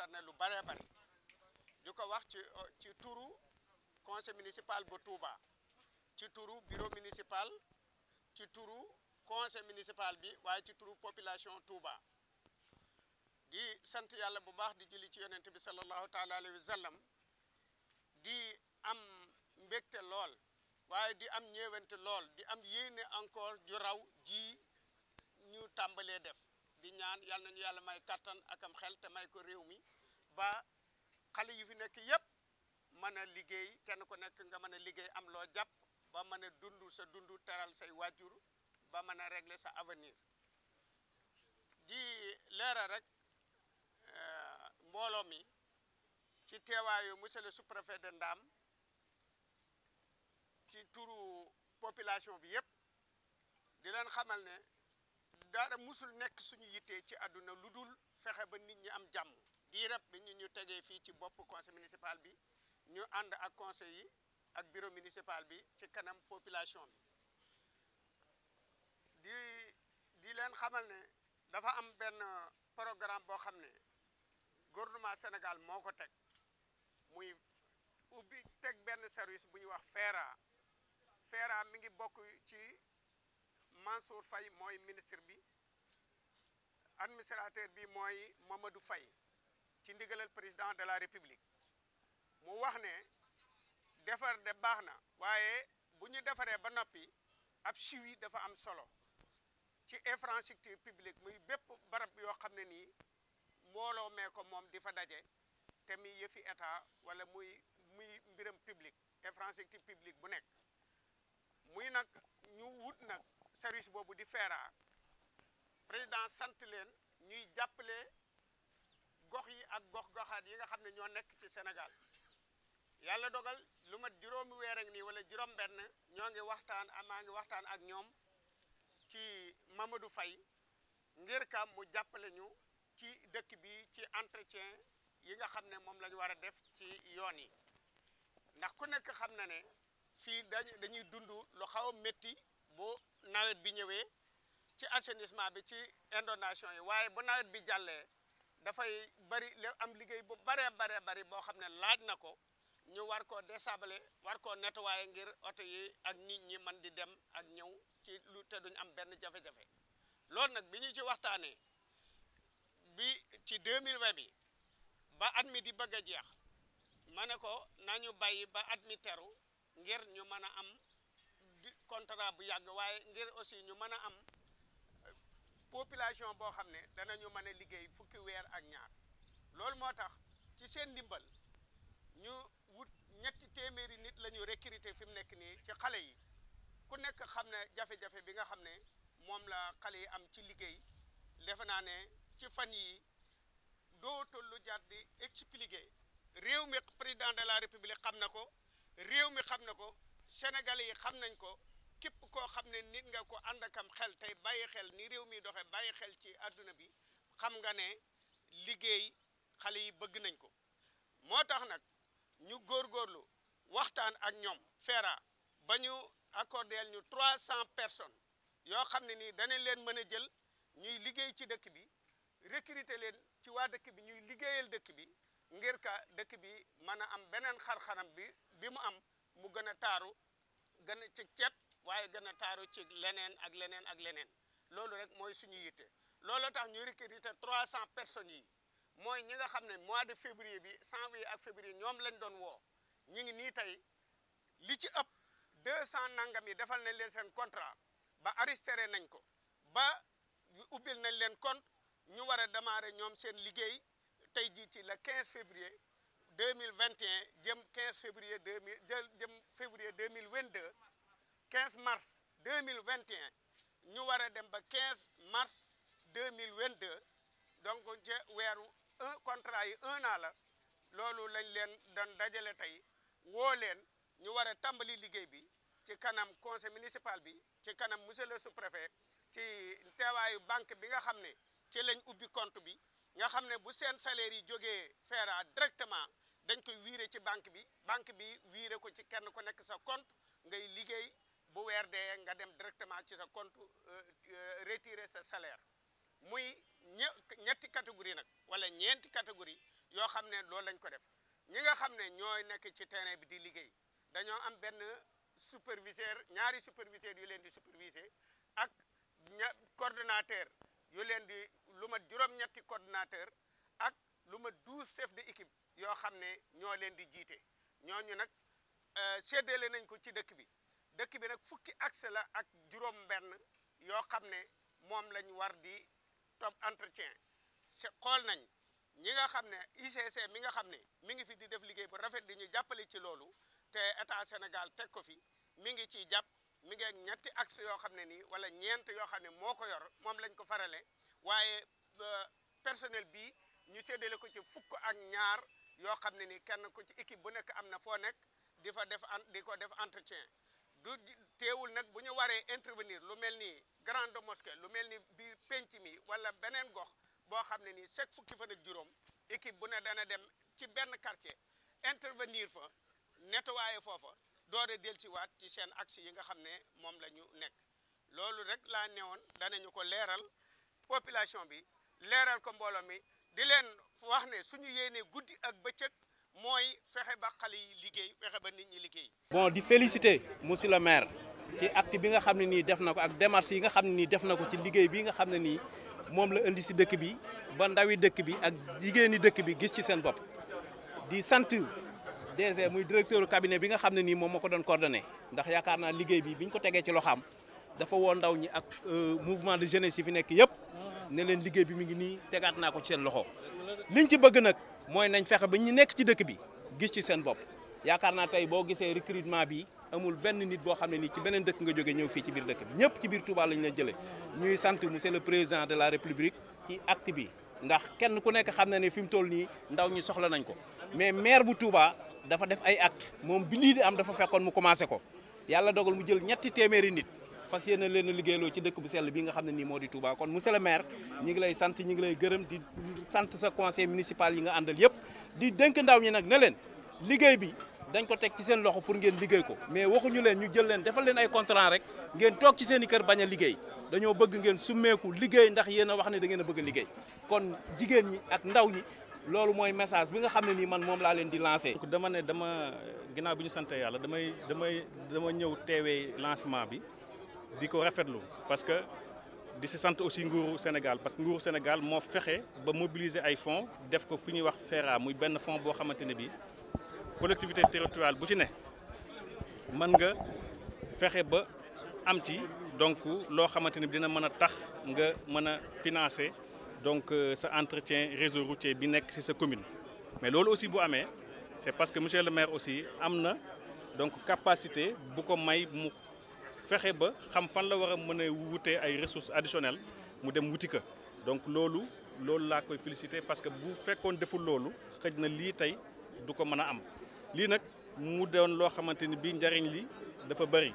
concerné lu bëree bëri di ko wax ci ci turu conseil municipal bu Touba ci turu bureau municipal ci turu conseil municipal bi waaye ci turu population Touba di sant yàlla bu baax di julli ci yonent bi sallallahu taala alayhi wa sallam di am mbégte lool waaye di am ñeewante lool di am yéene encore ju raw ji ñu tàmbalee def di ñaan yàlla nañu yàlla may kàttan ak am xel te may ko réew mi ba xale yu fi nekk yëpp mën a liggéey kenn ku nekk nga mën a liggéey am loo jàpp ba mën a dund sa dund teral say waajur ba mën a régler sa avenir di leeral rek euh, mbooloo mi ci teewaayu monsieur le sous-préfet de Ndam ci turu population bi yëpp di leen xamal ne dara musul nekk suñu yittee ci àdduna lu dul fexe ba nit ñi am jàmm diirab bi ñu ñu tegee fii ci bopp conseil municipal bi ñu ànd ak conseil yi ak bureau municipal bi ci kanam population bi di di leen xamal ne dafa am benn programme boo xam ne gouvernement Sénégal moo ko teg muy ubbi teg benn service bu ñuy wax FERA FERA mi ngi bokk ci Mansour Faye mooy ministre bi administrateur bi mooy Mamadou Faye ci ndigalal président de la république mu wax ne defar de baax na waaye bu ñu defaree ba noppi ab suwi dafa am solo ci infrastructure publique muy bépp barab yoo xam ne nii mbooloo mee ko moom di fa daje te muy yëfi état wala muy muy mbiram publique infrastructure publique bu nekk muy nag ñu wut nag service boobu di feera président sant leen ñuy jàppale ambassade yi nga xam ne ñoo nekk ci Sénégal yàlla dogal lu mat juróom weer ak nii wala juróom-benn ñoo ngi waxtaan ah, maa ngi waxtaan ak ñoom ci du Faye ngir kam mu jàppale ñu ci dëkk bi ci entretien yi nga xam ne moom la ñu war a def ci yoon yi ndax ku nekk xam na ne fii dañuy dund lu xaw a métti bu nawet bi ñëwee ci assainissement bi ci inondation yi waaye bu nawet bi jàllee. dafay bari la am liggéey bu baree baree bari boo xam ne laaj na ko ñu war ko désabler war koo nettoyer ngir oto ak nit ñi man di dem ak ñëw ci lu te duñ am benn jafe-jafe loolu nag bi ñu ci waxtaanee bi ci 2020 bi ba at mi di bëgg a jeex ma ne ko ñu bàyyi ba at mi teru ngir ñu mën a am contrat bu yàgg waaye ngir aussi ñu mën a am population boo xam ne danañu mën a liggéey fukki weer ak ñaar loolu moo tax ci seen ndimbal ñu wut ñetti téeméeri nit la ñu recruter fi mu nekk nii ci xale yi ku nekk xam ne jafe-jafe bi nga xam ne moom la xale yi am ci liggéey defe naa ne ci fan yi dootul lu jar di expliquer réew mi président de la république xam na ko réew mi xam na ko sénégalais yi xam nañ ko képp koo xam ne nit nga ko ànd akam xel tey bàyyi xel ni réew mi doxe bàyyi xel ci àdduna bi xam nga ne liggéey xale yi bëgg nañ ko moo tax nag ñu góorgóorlu waxtaan ak ñoom FERA ba ñu accordeel ñu 300 personnes yoo xam ne nii danañ leen mën a jël ñuy liggéey ci dëkk bi recruter leen ci waa dëkk bi ñuy liggéeyal dëkk bi ngir ka dëkk bi mën a am beneen xarxaram bi bi mu am mu gën a taaru gën a ci cet waaye gën a taaru ci leneen ak leneen ak leneen loolu rek mooy suñu yitte looloo tax ñu trois 300 personnes yi mooy ñi nga xam ne mois de février bi janvier ak février ñoom lañ doon woo ñu ngi nii tey li ci ëpp 200 nangam yi defal nañ leen seen contrat ba arrêté nañ ko ba ubbil nañ leen compte ñu war a démarrer ñoom seen liggéey tey jii ci le 15 février 2021 jëm deux février 2000 jëm février 2022. 15 mars 2021 ñu war a dem ba 15 mars 2022 donc ci weeru un yi un la loolu lañ leen dan dajale tey woo leen ñu war a tàmbali liggéey bi ci kanam conseil municipal bi ci kanam monsieur le sous-préfet ci teewaayu banque bi nga xam ne ci lañ ubbi compte bi nga xam ne bu seen salaire yi jógee Fera directement dañ koy wiire ci banque bi banque bi wiire ko ci kenn ku nekk sa compte ngay liggéey bu weer dee nga dem directement ci sa compte euh, euh, retirer sa salaire muy ñe ñetti catégorie nag wala ñeenti catégorie yoo xam ne loolu lañ ko def ñi nga xam ne ñooy nekk ci terrain bi di liggéey dañoo am benn superviseur ñaari superviseur yu leen di superviser ak cordinateur yu leen di lu mat juróom-ñetti coordonnateur ak lu mat douze chef de équipe yoo xam ne ñoo leen di jiite ñooñu nag euh, séddale nañ ko ci dëkk bi dëkk bi nag fukki accès la ak juróom-benn yoo xam ne moom lañ war di topp entretien xool nañ ñi nga xam ne UCC mi nga xam ne mi ngi fi di def liggéey bu rafet di ñu jàppale ci loolu te état Sénégal teg ko fi mi ngi ci jàpp mi ngi ñetti accès yoo xam ne nii wala ñeent yoo xam ne moo ko yor moom lañ ko farale waaye personnel bi ñu séddale ko ci fukk ak ñaar yoo xam ne ni kenn ku ci équipe bu nekk am na foo nekk di fa def di ko def entretien du teewul nag bu ñu waree intervenir lu mel ni grande mosquée lu mel ni biir penc mi wala beneen gox boo xam ne nii chaque fukki fan ak juróom équipe bu ne dana dem ci benn quartier intervenir fa nettoyer foofa doore dellusiwaat ci seen axe yi nga xam ne moom la ñu nekk loolu rek laa newoon danañu ko leeral population bi leeral ko mbooloo di leen wax ne suñu yéenee guddi ak bëccëg mooy fexe ba xale yi liggéey fexe ba nit ñi liggéey. bon di féliciter monsieur le maire ci act bi nga xam ne nii def na ko ak démarche yi nga xam ne nii def na ko ci liggéey bi nga xam ne nii moom la indi si dëkk bi ba ndawi dëkk bi ak jigéeni dëkk bi gis ci seen bopp. di sant DG muy directeur cabinet bi nga xam ne nii moom moo ko doon coordonné ndax yaakaar naa liggéey bi biñ ko tegee ci loxaam dafa woo ndaw ñi ak euh, mouvement de jeunesse yi fi nekk yëpp ne leen liggéey bi mi ngi nii tegaat naa ko ci seen loxo liñ ci bëgg nag. mooy nañ fexe ba ñu nekk ci dëkk bi gis ci seen bopp yaakaar naa tey boo gisee recrutement bi amul benn nit boo xam ne nii ci beneen dëkk nga jóge ñëw fi ci biir dëkk bi ñëpp ci biir Touba lañ la jëlee ñuy sant monsieur le président de la république ci acte bi ndax kenn ku nekk xam na ne fi mu toll nii ndaw ñi soxla nañ ko mais maire bu Touba dafa def ay acte moom bi lii di am dafa fekkoon mu commencé ko yàlla dogal mu jël ñetti téeméeri nit. fas yéene leen a liggéeyloo ci dëkk bu sell bi nga xam ne moo di Touba kon monsieur le maire ñi ngi lay sant ñi ngi lay gërëm di sant sa conseil municipal yi nga àndal yëpp di dénk ndaw ñi nag ne leen liggéey bi dañ ko teg ci seen loxo pour ngeen liggéey ko mais waxuñu leen ñu jël leen defal leen ay contrat rek ngeen toog ci seen kër bañ a liggéey dañoo bëgg ngeen summeeku liggéey ndax yéen a wax ne da ngeen bëgg a liggéey kon jigéen ñi ak ndaw ñi loolu mooy message bi nga xam ne nii man moom laa leen di lancé. dama dama ginnaaw bi ñu sant yàlla damay damay dama ñëw teewee lancement bi. di ko rafetlu parce que di si sant aussi nguuru Sénégal parce que nguuru Sénégal moo fexe ba mobiliser ay fonds def ko fu ñuy wax feeraa muy benn fonds boo xamante ne bii collectivité territoriale bu ci ne mën nga fexe ba am ci donc loo xamante ne bi dina mën a tax nga mën a financer donc euh, sa entretien réseau routier bi nekk si sa commune. mais loolu aussi bu amee c'est parce que monsieur le maire aussi am na donc capacité bu ko may mu. fexe ba xam fan la war a mën a wutee ay ressources additionnelles mu dem wuti ka donc loolu loolu laa koy félicité parce que bu fekkoon deful loolu xëj na lii tey du ko mën a am lii nag mu doon loo xamante ni bii njariñ li dafa bëri